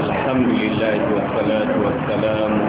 الحمد لله والصلاة والسلام